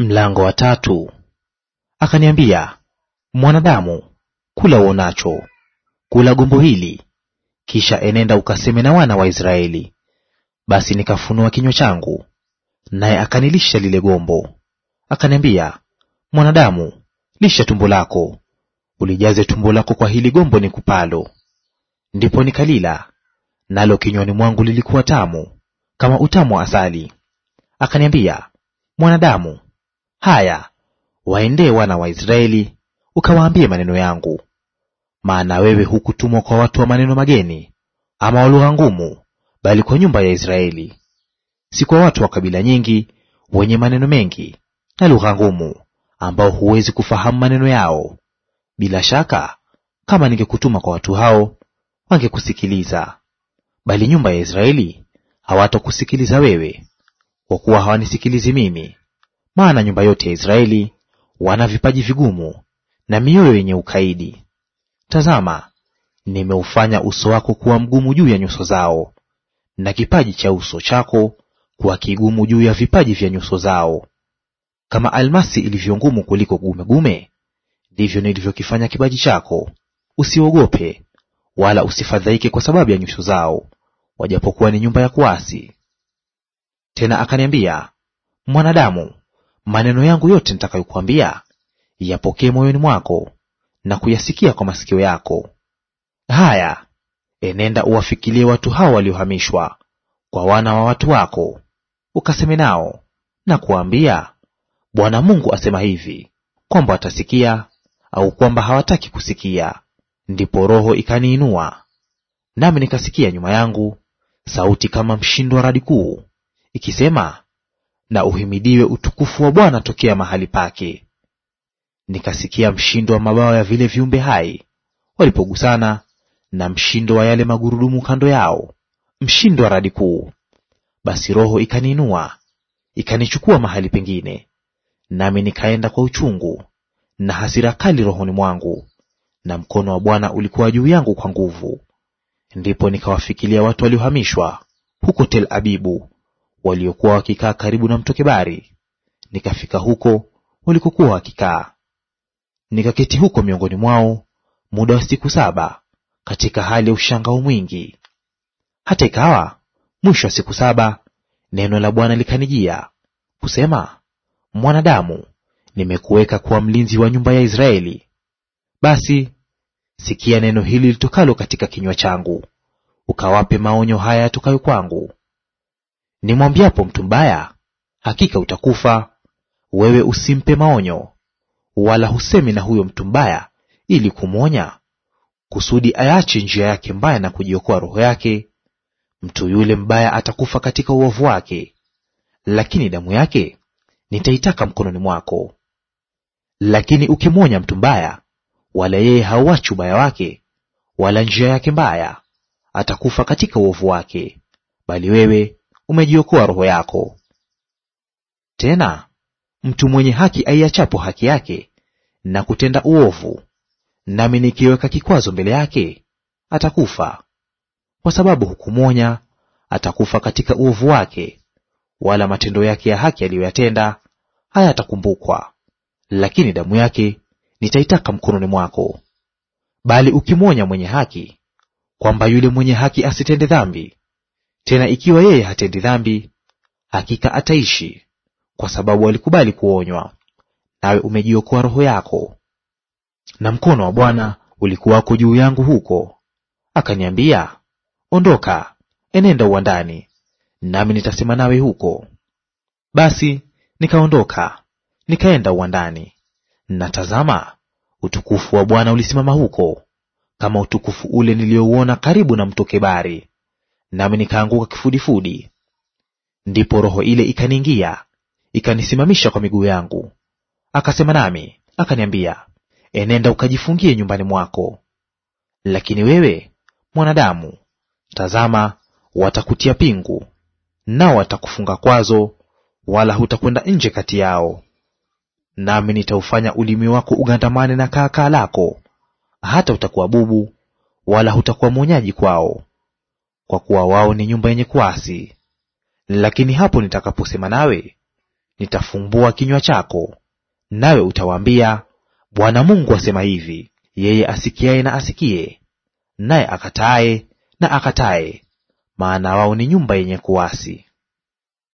Mlango wa tatu. Akaniambia, mwanadamu, kula uonacho, kula gombo hili, kisha enenda ukaseme na wana wa Israeli. Basi nikafunua kinywa changu, naye akanilisha lile gombo. Akaniambia, mwanadamu, lisha tumbo lako, ulijaze tumbo lako kwa hili gombo ni kupalo Ndipo nikalila, nalo kinywani mwangu lilikuwa tamu kama utamu wa asali. Akaniambia, mwanadamu Haya, waendee wana wa Israeli ukawaambie maneno yangu. Maana wewe hukutumwa kwa watu wa maneno mageni ama wa lugha ngumu, bali kwa nyumba ya Israeli; si kwa watu wa kabila nyingi wenye maneno mengi na lugha ngumu, ambao huwezi kufahamu maneno yao. Bila shaka kama ningekutuma kwa watu hao, wangekusikiliza; bali nyumba ya Israeli hawatakusikiliza wewe, kwa kuwa hawanisikilizi mimi, maana nyumba yote ya Israeli wana vipaji vigumu na mioyo yenye ukaidi. Tazama, nimeufanya uso wako kuwa mgumu juu ya nyuso zao, na kipaji cha uso chako kuwa kigumu juu ya vipaji vya nyuso zao. Kama almasi ilivyo ngumu kuliko gumegume, ndivyo nilivyokifanya kipaji chako. Usiogope wala usifadhaike kwa sababu ya nyuso zao, wajapokuwa ni nyumba ya kuasi. Tena akaniambia, mwanadamu, maneno yangu yote nitakayokuambia yapokee moyoni mwako na kuyasikia kwa masikio yako. Haya, enenda uwafikilie watu hao waliohamishwa, kwa wana wa watu wako, ukaseme nao na kuwaambia, Bwana Mungu asema hivi, kwamba watasikia au kwamba hawataki kusikia. Ndipo Roho ikaniinua nami nikasikia nyuma yangu sauti kama mshindo wa radi kuu ikisema, na uhimidiwe utukufu wa Bwana tokea mahali pake. Nikasikia mshindo wa mabawa ya vile viumbe hai walipogusana, na mshindo wa yale magurudumu kando yao, mshindo wa radi kuu. Basi Roho ikaniinua ikanichukua mahali pengine, nami nikaenda kwa uchungu na hasira kali rohoni mwangu, na mkono wa Bwana ulikuwa juu yangu kwa nguvu. Ndipo nikawafikilia watu waliohamishwa huko Tel Abibu waliokuwa wakikaa karibu na mto Kebari, nikafika huko walikokuwa wakikaa. Nikaketi huko miongoni mwao muda wa siku saba katika hali ya ushangao mwingi. Hata ikawa mwisho wa siku saba, neno la Bwana likanijia kusema, Mwanadamu, nimekuweka kuwa mlinzi wa nyumba ya Israeli. Basi sikia neno hili litokalo katika kinywa changu, ukawape maonyo haya yatokayo kwangu, Nimwambiapo mtu mbaya, hakika utakufa, wewe usimpe maonyo, wala husemi na huyo mtu mbaya ili kumwonya, kusudi ayache njia yake mbaya na kujiokoa roho yake. Mtu yule mbaya atakufa katika uovu wake, lakini damu yake nitaitaka mkononi mwako. Lakini ukimwonya mtu mbaya, wala yeye hauachi ubaya wake wala njia yake mbaya, atakufa katika uovu wake, bali wewe umejiokoa roho yako. Tena mtu mwenye haki aiachapo haki yake na kutenda uovu, nami nikiweka kikwazo mbele yake, atakufa. Kwa sababu hukumwonya, atakufa katika uovu wake, wala matendo yake ya haki aliyoyatenda hayatakumbukwa. Lakini damu yake nitaitaka mkononi mwako. Bali ukimwonya mwenye haki kwamba yule mwenye haki asitende dhambi, tena ikiwa yeye hatendi dhambi, hakika ataishi, kwa sababu alikubali kuonywa. Nawe umejiokoa roho yako. Na mkono wa Bwana ulikuwako juu yangu huko, akaniambia, Ondoka, enenda uwandani, nami nitasema nawe huko. Basi nikaondoka nikaenda uwandani, na tazama, utukufu wa Bwana ulisimama huko, kama utukufu ule niliouona karibu na mto Kebari nami nikaanguka kifudifudi. Ndipo roho ile ikaniingia ikanisimamisha kwa miguu yangu. Akasema nami akaniambia, enenda ukajifungie nyumbani mwako. Lakini wewe mwanadamu, tazama, watakutia pingu, nao watakufunga kwazo, wala hutakwenda nje kati yao. Nami nitaufanya ulimi wako ugandamane na kaakaa lako, hata utakuwa bubu, wala hutakuwa mwonyaji kwao kwa kuwa wao ni nyumba yenye kuasi. Lakini hapo nitakaposema nawe, nitafumbua kinywa chako, nawe utawaambia, Bwana Mungu asema hivi, yeye asikiaye na asikie, naye akataaye na akatae, maana wao ni nyumba yenye kuasi.